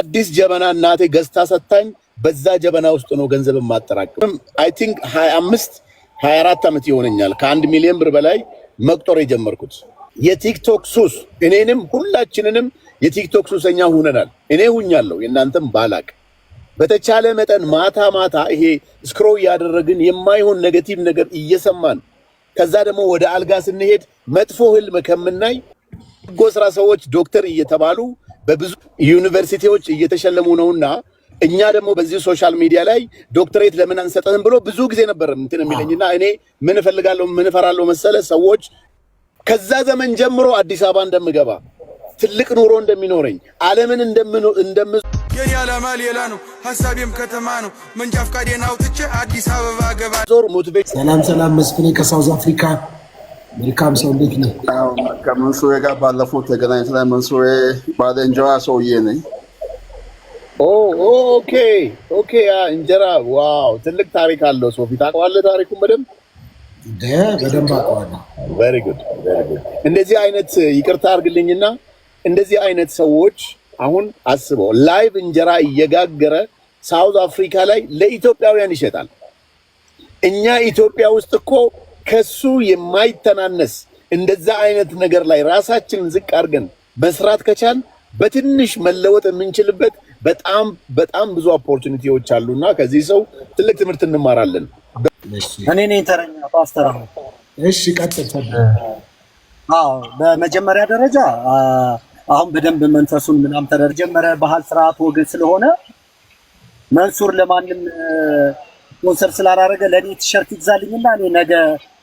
አዲስ ጀበና እናቴ ገዝታ ሰታኝ በዛ ጀበና ውስጥ ነው ገንዘብ ማጠራቅም። አይ ቲንክ 25 24 ዓመት ይሆነኛል ከአንድ ሚሊዮን ብር በላይ መቁጠር የጀመርኩት። የቲክቶክ ሱስ እኔንም ሁላችንንም የቲክቶክ ሱሰኛ ሁነናል። እኔ ሁኛለሁ፣ የእናንተም ባላቅ። በተቻለ መጠን ማታ ማታ ይሄ ስክሮ እያደረግን የማይሆን ኔጌቲቭ ነገር እየሰማን ከዛ ደግሞ ወደ አልጋ ስንሄድ መጥፎ ህልም ከምናይ ህጎ ስራ ሰዎች ዶክተር እየተባሉ በብዙ ዩኒቨርሲቲዎች እየተሸለሙ ነውና እኛ ደግሞ በዚህ ሶሻል ሚዲያ ላይ ዶክትሬት ለምን አንሰጠንም ብሎ ብዙ ጊዜ ነበር እንትን የሚለኝና እኔ ምን እፈልጋለሁ ምን እፈራለሁ መሰለ ሰዎች ከዛ ዘመን ጀምሮ አዲስ አበባ እንደምገባ ትልቅ ኑሮ እንደሚኖረኝ ዓለምን እንደም የኔ ዓላማ ሌላ ነው፣ ሀሳቤም ከተማ ነው። መንጃ ፍቃዴን አውጥቼ አዲስ አበባ ገባ ዞር ሞቲቬት ሰላም ሰላም መስፍኔ ከሳውዝ አፍሪካ መልካም ሰው እንዴት ነህ? ከመንሱሬ ጋር ባለፈው ተገናኝተናል። መንሱሬ ባለ እንጀራ ሰውዬ ነኝ። ኦኬ ኦኬ። እንጀራ ዋው፣ ትልቅ ታሪክ አለው። ሶፊ ታውቀዋለህ ታሪኩን በደንብ በደንብ አውቀዋለሁ። ጉድ። እንደዚህ አይነት ይቅርታ አድርግልኝና እንደዚህ አይነት ሰዎች አሁን አስበው፣ ላይቭ እንጀራ እየጋገረ ሳውዝ አፍሪካ ላይ ለኢትዮጵያውያን ይሸጣል። እኛ ኢትዮጵያ ውስጥ እኮ ከሱ የማይተናነስ እንደዛ አይነት ነገር ላይ ራሳችንን ዝቅ አድርገን መስራት ከቻል በትንሽ መለወጥ የምንችልበት በጣም በጣም ብዙ ኦፖርቹኒቲዎች አሉ እና ከዚህ ሰው ትልቅ ትምህርት እንማራለን። እኔ ነኝ ተረኛ ፓስተር። እሺ ቀጥል። አዎ በመጀመሪያ ደረጃ አሁን በደንብ መንፈሱን ምናምን ተደር ጀመረ ባህል፣ ስርዓት፣ ወግ ስለሆነ መንሱር ለማንም ስፖንሰር ስላላረገ ለእኔ ቲሸርት ይግዛልኝና እኔ ነገ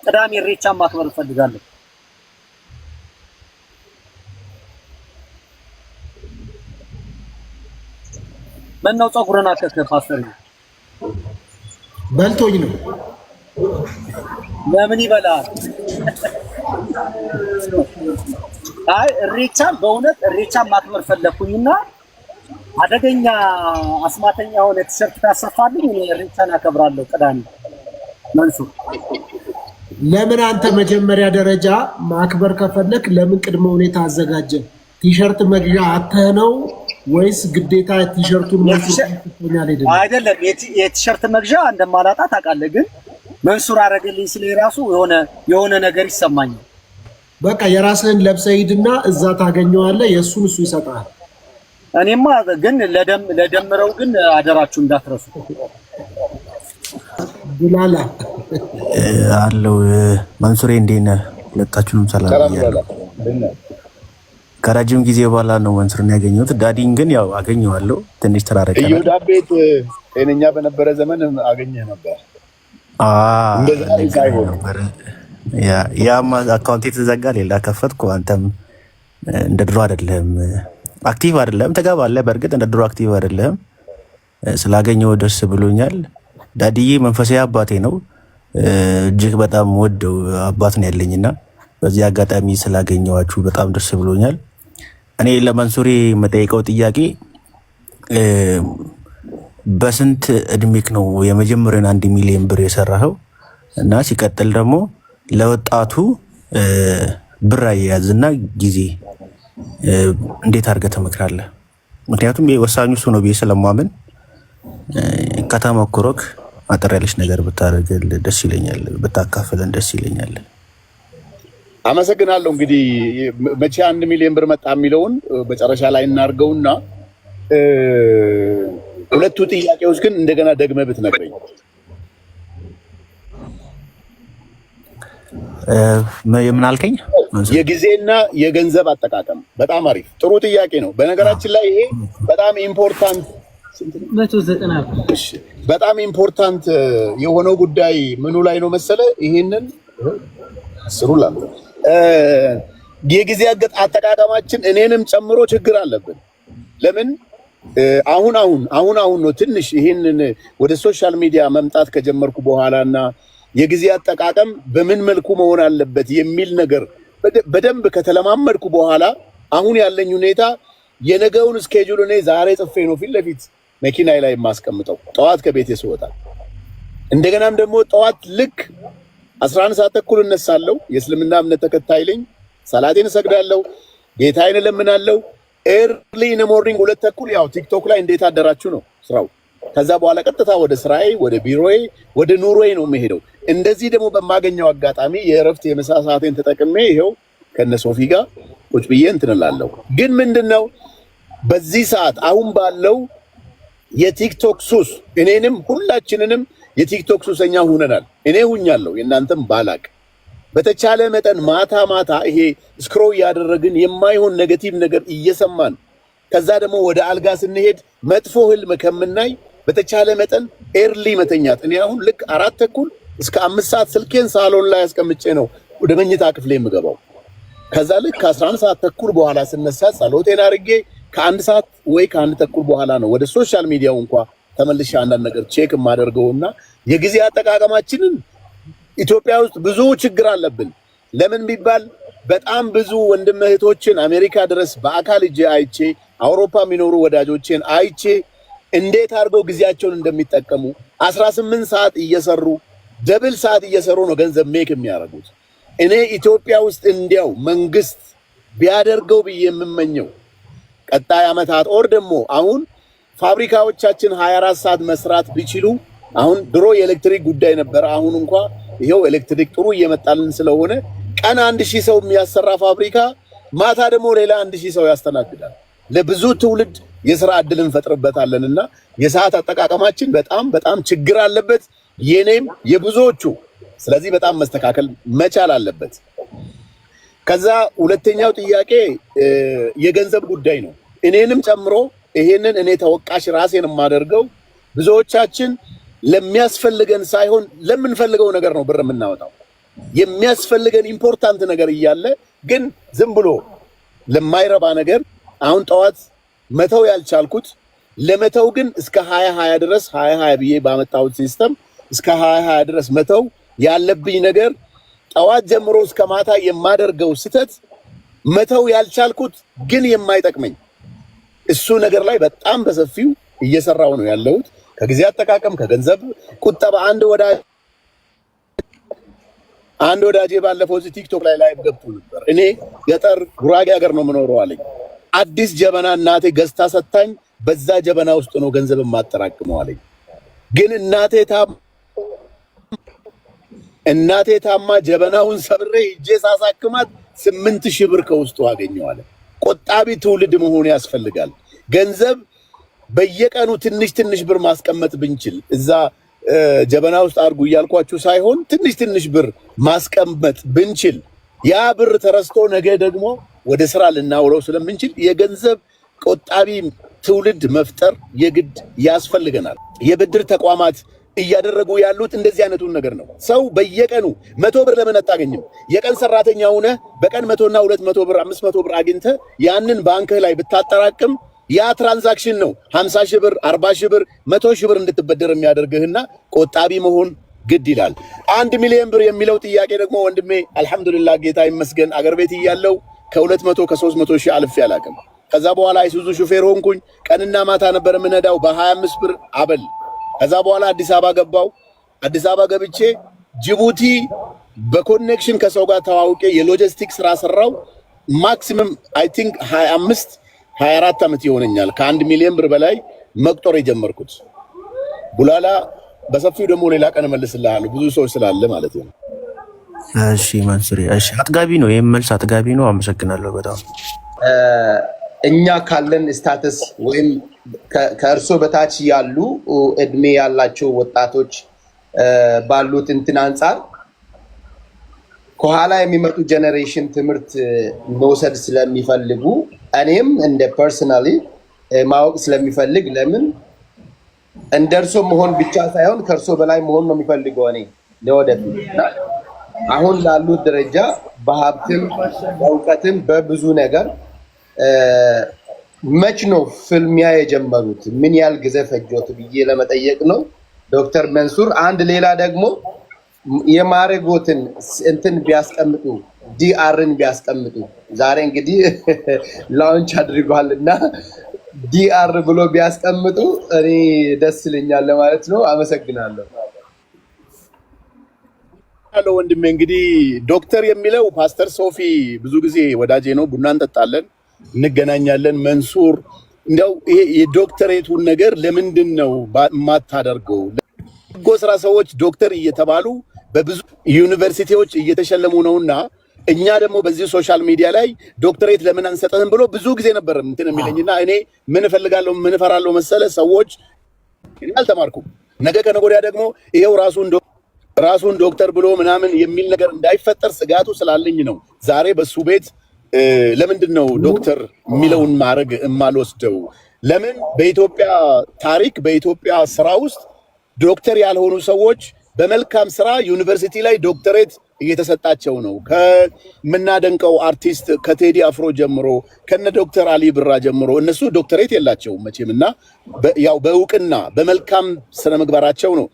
ቅዳሜ ሬቻ ማክበር እፈልጋለሁ። ምነው ፀጉርን አከከ ፓስተር? በልቶኝ ነው። ለምን ይበላል? አይ ኢሬቻን በእውነት ኢሬቻን ማክበር ፈለኩኝና አደገኛ አስማተኛ የሆነ ቲሸርት ታሰፋልኝ። እኔ ሬቻን አከብራለሁ። ቅዳሜ መንሱር፣ ለምን አንተ መጀመሪያ ደረጃ ማክበር ከፈለክ ለምን ቅድመ ሁኔታ አዘጋጀ? ቲሸርት መግዣ አተህ ነው ወይስ ግዴታ ቲሸርቱን መንሱር አይደለም? የቲሸርት መግዣ እንደማላጣ ታውቃለህ። ግን መንሱር አረገልኝ ስለ ራሱ የሆነ የሆነ ነገር ይሰማኛል። በቃ የራስህን ለብሰህ ሂድና እዛ ታገኘዋለህ። የእሱን እሱ ይሰጣል። እኔማ ግን ለደምረው ግን አደራችሁ እንዳትረሱ። ዱላላ አለው መንሱሬ፣ እንዴት ነህ? ሁለታችሁንም ሰላም ብያለሁ። ከረጅም ጊዜ በኋላ ነው መንሱርን ያገኘሁት። ዳዲን ግን ያው አገኘዋለሁ፣ ትንሽ ተራረቀ ይሁዳ ቤት ጤነኛ በነበረ ዘመን አገኘ ነበር። ያ አካውንት የተዘጋ ሌላ ከፈትኩ። አንተም እንደ ድሮ አይደለም። አክቲቭ አይደለም። ትገባለህ። በእርግጥ እንደ ድሮ አክቲቭ አይደለም። ስላገኘው ደስ ብሎኛል። ዳድዬ መንፈሳዊ አባቴ ነው። እጅግ በጣም ወደው አባት ነው ያለኝና በዚህ አጋጣሚ ስላገኘዋችሁ በጣም ደስ ብሎኛል። እኔ ለመንሱሬ የምጠይቀው ጥያቄ በስንት እድሜክ ነው የመጀመሪያን አንድ ሚሊዮን ብር የሰራኸው? እና ሲቀጥል ደግሞ ለወጣቱ ብር አያያዝና ጊዜ እንዴት አድርገህ ትመክራለህ? ምክንያቱም ወሳኙ እሱ ነው ብዬ ስለማምን ከተሞክሮክ አጠር ያለች ነገር ብታደርግልን ደስ ይለኛል፣ ብታካፍለን ደስ ይለኛል። አመሰግናለሁ። እንግዲህ መቼ አንድ ሚሊዮን ብር መጣ የሚለውን መጨረሻ ላይ እናድርገውና ሁለቱ ጥያቄዎች ግን እንደገና ደግመህ ብትነግረኝ የምናልከኝ የጊዜና የገንዘብ አጠቃቀም በጣም አሪፍ ጥሩ ጥያቄ ነው። በነገራችን ላይ ይሄ በጣም ኢምፖርታንት በጣም ኢምፖርታንት የሆነው ጉዳይ ምኑ ላይ ነው መሰለ? ይሄንን ስሩ የጊዜ አጠቃቀማችን እኔንም ጨምሮ ችግር አለብን። ለምን አሁን አሁን አሁን አሁን ነው ትንሽ ይህንን ወደ ሶሻል ሚዲያ መምጣት ከጀመርኩ በኋላ እና የጊዜ አጠቃቀም በምን መልኩ መሆን አለበት የሚል ነገር በደንብ ከተለማመድኩ በኋላ አሁን ያለኝ ሁኔታ የነገውን ስኬጁል እኔ ዛሬ ጽፌ ነው ፊት ለፊት መኪናዬ ላይ የማስቀምጠው ጠዋት ከቤቴ ስወጣ። እንደገናም ደግሞ ጠዋት ልክ አስራ አንድ ሰዓት ተኩል እነሳለሁ። የእስልምና እምነት ተከታይ ነኝ። ሰላቴን እሰግዳለሁ፣ ጌታዬን እለምናለሁ። ኤርሊ ኢን ሞርኒንግ ሁለት ተኩል ያው ቲክቶክ ላይ እንዴት አደራችሁ ነው ስራው ከዛ በኋላ ቀጥታ ወደ ስራዬ፣ ወደ ቢሮዬ፣ ወደ ኑሮዬ ነው የምሄደው። እንደዚህ ደግሞ በማገኘው አጋጣሚ የእረፍት የምሳ ሰዓቴን ተጠቅሜ ይኸው ከነ ሶፊ ጋር ቁጭ ብዬ እንትን ግን ምንድን ነው በዚህ ሰዓት አሁን ባለው የቲክቶክ ሱስ እኔንም ሁላችንንም የቲክቶክ ሱሰኛ ሁነናል። እኔ ሁኛለሁ፣ የእናንተም ባላቅ በተቻለ መጠን ማታ ማታ ይሄ ስክሮ እያደረግን የማይሆን ኔጌቲቭ ነገር እየሰማን ከዛ ደግሞ ወደ አልጋ ስንሄድ መጥፎ ህልም ከምናይ በተቻለ መጠን ኤርሊ መተኛት። እኔ አሁን ልክ አራት ተኩል እስከ አምስት ሰዓት ስልኬን ሳሎን ላይ አስቀምጬ ነው ወደ መኝታ ክፍሌ የምገባው። ከዛ ልክ ከአስራ አንድ ሰዓት ተኩል በኋላ ስነሳ ጸሎቴን አድርጌ ከአንድ ሰዓት ወይ ከአንድ ተኩል በኋላ ነው ወደ ሶሻል ሚዲያው እንኳ ተመልሼ አንዳንድ ነገር ቼክ የማደርገው እና የጊዜ አጠቃቀማችንን ኢትዮጵያ ውስጥ ብዙ ችግር አለብን። ለምን ቢባል በጣም ብዙ ወንድም እህቶችን አሜሪካ ድረስ በአካል እጄ አይቼ አውሮፓ የሚኖሩ ወዳጆችን አይቼ እንዴት አድርገው ጊዜያቸውን እንደሚጠቀሙ 18 ሰዓት እየሰሩ ደብል ሰዓት እየሰሩ ነው ገንዘብ ሜክ የሚያደርጉት። እኔ ኢትዮጵያ ውስጥ እንዲያው መንግስት ቢያደርገው ብዬ የምመኘው ቀጣይ ዓመታት ኦር ደግሞ አሁን ፋብሪካዎቻችን 24 ሰዓት መስራት ቢችሉ አሁን ድሮ የኤሌክትሪክ ጉዳይ ነበር። አሁን እንኳ ይኸው ኤሌክትሪክ ጥሩ እየመጣልን ስለሆነ ቀን አንድ ሺህ ሰው የሚያሰራ ፋብሪካ ማታ ደግሞ ሌላ አንድ ሺህ ሰው ያስተናግዳል። ለብዙ ትውልድ የስራ እድል እንፈጥርበታለን እና የሰዓት አጠቃቀማችን በጣም በጣም ችግር አለበት፣ የኔም የብዙዎቹ። ስለዚህ በጣም መስተካከል መቻል አለበት። ከዛ ሁለተኛው ጥያቄ የገንዘብ ጉዳይ ነው። እኔንም ጨምሮ ይሄንን እኔ ተወቃሽ ራሴን የማደርገው ብዙዎቻችን ለሚያስፈልገን ሳይሆን ለምንፈልገው ነገር ነው ብር የምናወጣው። የሚያስፈልገን ኢምፖርታንት ነገር እያለ ግን ዝም ብሎ ለማይረባ ነገር አሁን ጠዋት መተው ያልቻልኩት ለመተው ግን እስከ ሀያ ሀያ ድረስ ሀያ ሀያ ብዬ ባመጣሁት ሲስተም እስከ ሀያ ሀያ ድረስ መተው ያለብኝ ነገር ጠዋት ጀምሮ እስከ ማታ የማደርገው ስህተት መተው ያልቻልኩት ግን የማይጠቅመኝ እሱ ነገር ላይ በጣም በሰፊው እየሰራው ነው ያለሁት። ከጊዜ አጠቃቀም፣ ከገንዘብ ቁጠባ አንድ ወዳ አንድ ወዳጄ ባለፈው እዚህ ቲክቶክ ላይ ላይ ገብቶ ነበር። እኔ ገጠር ጉራጌ ሀገር ነው የምኖረው አለኝ። አዲስ ጀበና እናቴ ገዝታ ሰታኝ፣ በዛ ጀበና ውስጥ ነው ገንዘብ የማጠራቅመው አለኝ። ግን እናቴ እናቴ ታማ ጀበናውን ሰብሬ እጄ ሳሳክማት ስምንት ሺህ ብር ከውስጡ አገኘዋለ። ቆጣቢ ትውልድ መሆን ያስፈልጋል። ገንዘብ በየቀኑ ትንሽ ትንሽ ብር ማስቀመጥ ብንችል እዛ ጀበና ውስጥ አድርጉ እያልኳችሁ ሳይሆን ትንሽ ትንሽ ብር ማስቀመጥ ብንችል ያ ብር ተረስቶ ነገ ደግሞ ወደ ስራ ልናውለው ስለምንችል የገንዘብ ቆጣቢ ትውልድ መፍጠር የግድ ያስፈልገናል። የብድር ተቋማት እያደረጉ ያሉት እንደዚህ አይነቱን ነገር ነው። ሰው በየቀኑ መቶ ብር ለምን አታገኝም? የቀን ሰራተኛ ሆነ በቀን መቶና ሁለት መቶ ብር አምስት መቶ ብር አግኝተ ያንን ባንክህ ላይ ብታጠራቅም ያ ትራንዛክሽን ነው ሀምሳ ሺህ ብር አርባ ሺህ ብር መቶ ሺህ ብር እንድትበደር የሚያደርግህና ቆጣቢ መሆን ግድ ይላል። አንድ ሚሊዮን ብር የሚለው ጥያቄ ደግሞ ወንድሜ አልሐምዱሊላህ ጌታ ይመስገን አገር ቤት እያለው ከሁለት መቶ ከሶስት መቶ ሺህ አልፌ አላውቅም። ከዛ በኋላ አይሱዙ ሹፌር ሆንኩኝ። ቀንና ማታ ነበር የምነዳው በ25 ብር አበል። ከዛ በኋላ አዲስ አበባ ገባው። አዲስ አበባ ገብቼ ጅቡቲ በኮኔክሽን ከሰው ጋር ተዋውቄ የሎጂስቲክ ስራ ሰራው። ማክሲመም አይ ቲንክ 25 24 ዓመት ይሆነኛል ከአንድ ሚሊዮን ብር በላይ መቁጠር የጀመርኩት ቡላላ። በሰፊው ደግሞ ሌላ ቀን እመልስልሃለሁ ብዙ ሰዎች ስላለ ማለት ነው። እሺ ማንሱሪ፣ እሺ አጥጋቢ ነው። ይህም መልስ አጥጋቢ ነው። አመሰግናለሁ በጣም እኛ ካለን ስታተስ ወይም ከእርሶ በታች ያሉ እድሜ ያላቸው ወጣቶች ባሉት እንትን አንጻር ከኋላ የሚመጡ ጀኔሬሽን ትምህርት መውሰድ ስለሚፈልጉ እኔም እንደ ፐርሰናሊ ማወቅ ስለሚፈልግ ለምን እንደ እርሶ መሆን ብቻ ሳይሆን ከእርሶ በላይ መሆን ነው የሚፈልገው እኔ ለወደፊት አሁን ላሉት ደረጃ በሀብትም በእውቀትም በብዙ ነገር መች ነው ፍልሚያ የጀመሩት? ምን ያህል ጊዜ ፈጆት ብዬ ለመጠየቅ ነው ዶክተር መንሱር። አንድ ሌላ ደግሞ የማረጎትን እንትን ቢያስቀምጡ ዲአርን ቢያስቀምጡ ዛሬ እንግዲህ ላውንች አድርጓል እና ዲአር ብሎ ቢያስቀምጡ እኔ ደስ ይለኛል ለማለት ነው። አመሰግናለሁ። ያለው ወንድሜ እንግዲህ ዶክተር የሚለው ፓስተር ሶፊ ብዙ ጊዜ ወዳጄ ነው። ቡና እንጠጣለን፣ እንገናኛለን። መንሱር እንዲያው ይሄ የዶክተሬቱን ነገር ለምንድን ነው የማታደርገው? ህጎ ስራ ሰዎች ዶክተር እየተባሉ በብዙ ዩኒቨርሲቲዎች እየተሸለሙ ነውና እኛ ደግሞ በዚህ ሶሻል ሚዲያ ላይ ዶክተሬት ለምን አንሰጠህም ብሎ ብዙ ጊዜ ነበር እንትን የሚለኝና እኔ ምን እፈልጋለሁ ምን እፈራለሁ መሰለ ሰዎች አልተማርኩም። ነገ ከነገ ወዲያ ደግሞ ይሄው ራሱ እንደ ራሱን ዶክተር ብሎ ምናምን የሚል ነገር እንዳይፈጠር ስጋቱ ስላለኝ ነው። ዛሬ በሱ ቤት ለምንድን ነው ዶክተር የሚለውን ማድረግ የማልወስደው? ለምን በኢትዮጵያ ታሪክ በኢትዮጵያ ስራ ውስጥ ዶክተር ያልሆኑ ሰዎች በመልካም ስራ ዩኒቨርሲቲ ላይ ዶክተሬት እየተሰጣቸው ነው። ከምናደንቀው አርቲስት ከቴዲ አፍሮ ጀምሮ ከነ ዶክተር አሊ ብራ ጀምሮ እነሱ ዶክተሬት የላቸውም መቼም እና ያው በእውቅና በመልካም ስነ ምግባራቸው ነው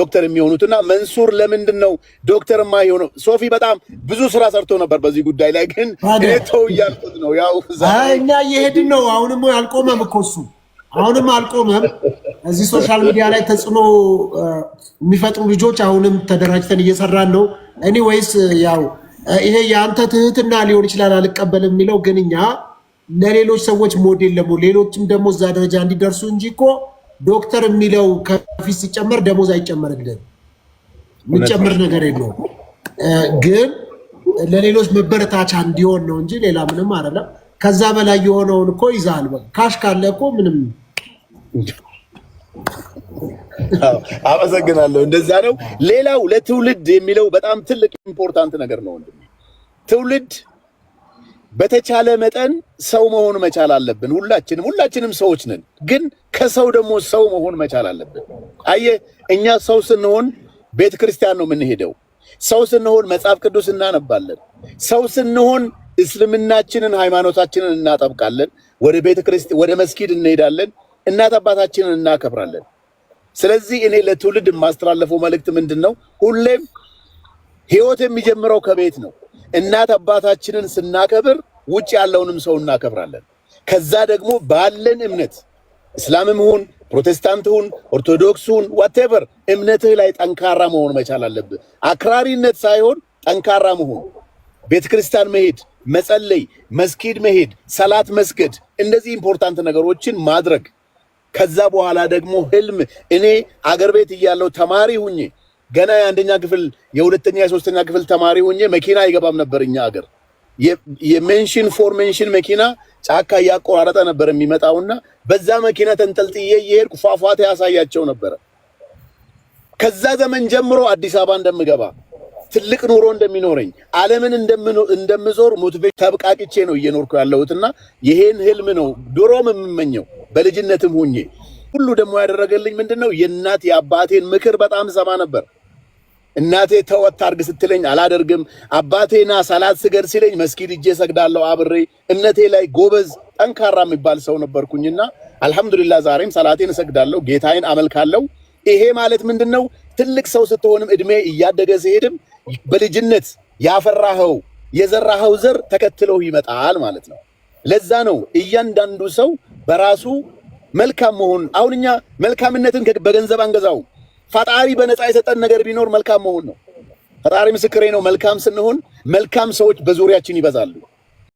ዶክተር የሚሆኑት። እና መንሱር ለምንድን ነው ዶክተር የማይሆነው? ሶፊ በጣም ብዙ ስራ ሰርቶ ነበር በዚህ ጉዳይ ላይ ግን ተው እያልኩት ነው። ያው እኛ እየሄድን ነው። አሁንም አልቆመም እኮ እሱ አሁንም አልቆመም። እዚህ ሶሻል ሚዲያ ላይ ተጽዕኖ የሚፈጥሩ ልጆች አሁንም ተደራጅተን እየሰራን ነው። ወይስ ያው ይሄ የአንተ ትህትና ሊሆን ይችላል አልቀበልም የሚለው ግን እኛ ለሌሎች ሰዎች ሞዴል ደግሞ ሌሎችም ደግሞ እዛ ደረጃ እንዲደርሱ እንጂ እኮ ዶክተር የሚለው ከፊት ሲጨመር ደሞዝ አይጨመርልን የሚጨምር ነገር የለው። ግን ለሌሎች መበረታቻ እንዲሆን ነው እንጂ ሌላ ምንም አይደለም። ከዛ በላይ የሆነውን እኮ ይዛል። ካሽ ካለ እኮ ምንም። አመሰግናለሁ። እንደዛ ነው። ሌላው ለትውልድ የሚለው በጣም ትልቅ ኢምፖርታንት ነገር ነው። ትውልድ በተቻለ መጠን ሰው መሆን መቻል አለብን። ሁላችንም ሁላችንም ሰዎች ነን፣ ግን ከሰው ደግሞ ሰው መሆን መቻል አለብን። አየህ እኛ ሰው ስንሆን ቤተ ክርስቲያን ነው የምንሄደው። ሰው ስንሆን መጽሐፍ ቅዱስ እናነባለን። ሰው ስንሆን እስልምናችንን ሃይማኖታችንን እናጠብቃለን። ወደ ቤተ ክርስቲያን ወደ መስጊድ እንሄዳለን። እናት አባታችንን እናከብራለን። ስለዚህ እኔ ለትውልድ የማስተላለፈው መልእክት ምንድን ነው? ሁሌም ህይወት የሚጀምረው ከቤት ነው። እናት አባታችንን ስናከብር ውጭ ያለውንም ሰው እናከብራለን። ከዛ ደግሞ ባለን እምነት እስላምም ሁን ፕሮቴስታንት ሁን ኦርቶዶክስ ሁን ዋቴቨር እምነትህ ላይ ጠንካራ መሆን መቻል አለብህ። አክራሪነት ሳይሆን ጠንካራ መሆን ቤተ ክርስቲያን መሄድ፣ መጸለይ፣ መስጊድ መሄድ፣ ሰላት መስገድ፣ እንደዚህ ኢምፖርታንት ነገሮችን ማድረግ። ከዛ በኋላ ደግሞ ህልም። እኔ አገር ቤት እያለው ተማሪ ሁኜ ገና የአንደኛ ክፍል የሁለተኛ የሶስተኛ ክፍል ተማሪ ሁኜ መኪና አይገባም ነበር እኛ አገር የሜንሽን ፎር ሜንሽን መኪና ጫካ እያቆራረጠ ነበር የሚመጣውና በዛ መኪና ተንጠልጥዬ እየሄድኩ ፏፏቴ ያሳያቸው ነበረ። ከዛ ዘመን ጀምሮ አዲስ አበባ እንደምገባ ትልቅ ኑሮ እንደሚኖረኝ ዓለምን እንደምዞር ሞቲቬሽን ተብቃቅቼ ነው እየኖርኩ ያለሁትና ይሄን ህልም ነው ድሮም የምመኘው በልጅነትም ሁኜ። ሁሉ ደግሞ ያደረገልኝ ምንድን ነው የእናት የአባቴን ምክር በጣም ሰማ ነበር። እናቴ ተወት አድርግ ስትለኝ አላደርግም። አባቴና ሰላት ስገድ ሲለኝ መስጊድ እጄ ሰግዳለሁ አብሬ። እምነቴ ላይ ጎበዝ ጠንካራ የሚባል ሰው ነበርኩኝና አልሐምዱሊላ ዛሬም ሰላቴን እሰግዳለሁ፣ ጌታዬን አመልካለሁ። ይሄ ማለት ምንድን ነው? ትልቅ ሰው ስትሆንም እድሜ እያደገ ሲሄድም በልጅነት ያፈራኸው የዘራኸው ዘር ተከትለው ይመጣል ማለት ነው። ለዛ ነው እያንዳንዱ ሰው በራሱ መልካም መሆን። አሁን እኛ መልካምነትን በገንዘብ አንገዛው። ፈጣሪ በነፃ የሰጠን ነገር ቢኖር መልካም መሆን ነው። ፈጣሪ ምስክሬ ነው። መልካም ስንሆን መልካም ሰዎች በዙሪያችን ይበዛሉ።